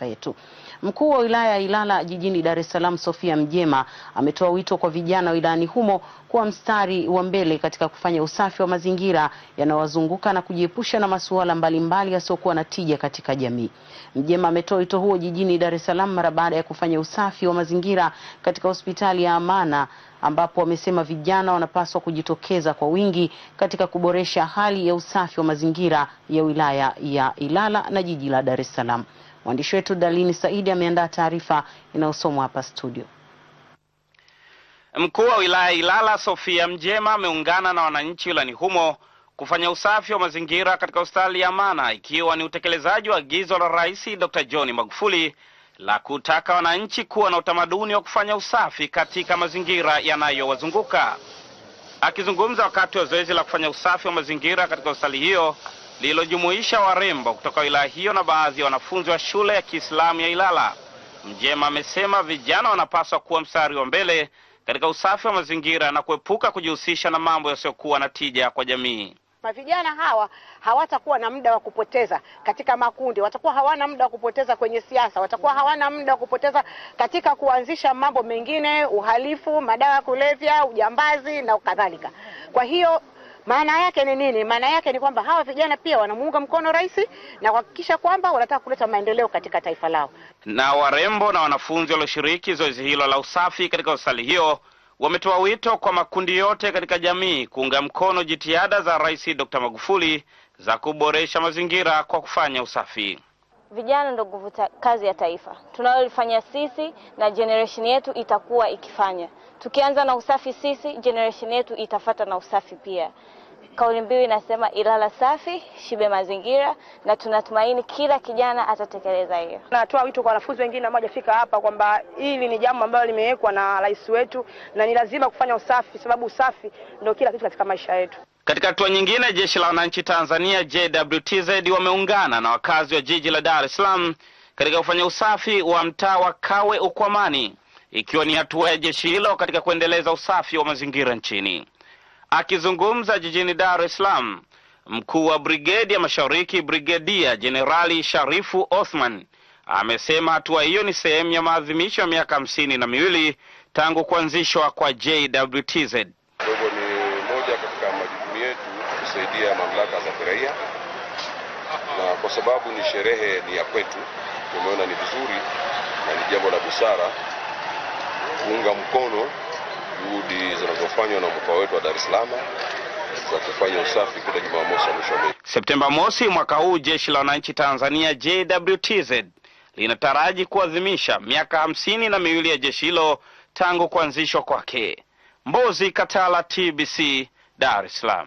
madarasa yetu. Mkuu wa wilaya ya Ilala jijini Dar es Salaam, Sofia Mjema, ametoa wito kwa vijana wilayani humo kuwa mstari wa mbele katika kufanya usafi wa mazingira yanayowazunguka na kujiepusha na masuala mbalimbali yasiyokuwa na tija katika jamii. Mjema ametoa wito huo jijini Dar es Salaam mara baada ya kufanya usafi wa mazingira katika hospitali ya Amana ambapo wamesema vijana wanapaswa kujitokeza kwa wingi katika kuboresha hali ya usafi wa mazingira ya wilaya ya Ilala na jiji la Dar es Salaam. Mwandishi wetu Dalini Saidi ameandaa taarifa inayosomwa hapa studio. Mkuu wa wilaya Ilala Sofia Mjema ameungana na wananchi wilani humo kufanya usafi wa mazingira katika hospitali ya Amana ikiwa ni utekelezaji wa agizo la Rais Dr. John Magufuli la kutaka wananchi kuwa na utamaduni wa kufanya usafi katika mazingira yanayowazunguka. Akizungumza wakati wa zoezi la kufanya usafi wa mazingira katika hospitali hiyo, lililojumuisha warembo kutoka wilaya hiyo na baadhi ya wanafunzi wa shule ya Kiislamu ya Ilala. Mjema amesema vijana wanapaswa kuwa mstari wa mbele katika usafi wa mazingira na kuepuka kujihusisha na mambo yasiyokuwa na tija kwa jamii. mavijana hawa hawatakuwa na muda wa kupoteza katika makundi, watakuwa hawana muda wa kupoteza kwenye siasa, watakuwa hawana muda wa kupoteza katika kuanzisha mambo mengine, uhalifu, madawa ya kulevya, ujambazi na kadhalika. Kwa hiyo maana yake ni nini? Maana yake ni kwamba hawa vijana pia wanamuunga mkono rais na kuhakikisha kwamba wanataka kuleta maendeleo katika taifa lao. Na warembo na wanafunzi walioshiriki zoezi hilo la usafi katika hospitali hiyo wametoa wito kwa makundi yote katika jamii kuunga mkono jitihada za Rais Dr. Magufuli za kuboresha mazingira kwa kufanya usafi. Vijana ndio nguvu kazi ya taifa, tunalolifanya sisi na generation yetu itakuwa ikifanya Tukianza na usafi sisi, generation yetu itafata na usafi pia. Kauli mbiu inasema Ilala safi shibe mazingira, na tunatumaini kila kijana atatekeleza hiyo. Natoa wito kwa wanafunzi wengine ambao hajafika hapa kwamba hili ni jambo ambalo limewekwa na rais wetu na ni lazima kufanya usafi, sababu usafi ndio kila kitu katika maisha yetu. Katika hatua nyingine, jeshi la wananchi Tanzania JWTZ wameungana na wakazi wa jiji la Dar es Salaam katika kufanya usafi wa mtaa wa Kawe Ukwamani ikiwa ni hatua ya jeshi hilo katika kuendeleza usafi wa mazingira nchini. Akizungumza jijini Dar es Salaam, mkuu wa brigedi ya Mashariki, Brigedia Jenerali Sharifu Othman amesema hatua hiyo ni sehemu ya maadhimisho ya miaka hamsini na miwili tangu kuanzishwa kwa JWTZ. ni moja katika majukumu yetu kusaidia mamlaka za kiraia, na kwa sababu ni sherehe ni ya kwetu, tumeona ni vizuri na ni jambo la busara kuunga mkono juhudi zinazofanywa na mkoa wetu wa Dar es Salaam za kufanya usafi kila Jumamosi na mwisho wa mwezi. Septemba mosi mwaka huu jeshi la wananchi Tanzania JWTZ linataraji kuadhimisha miaka hamsini na miwili ya jeshi hilo tangu kuanzishwa kwake. Mbozi Katala, TBC, Dar es Salaam.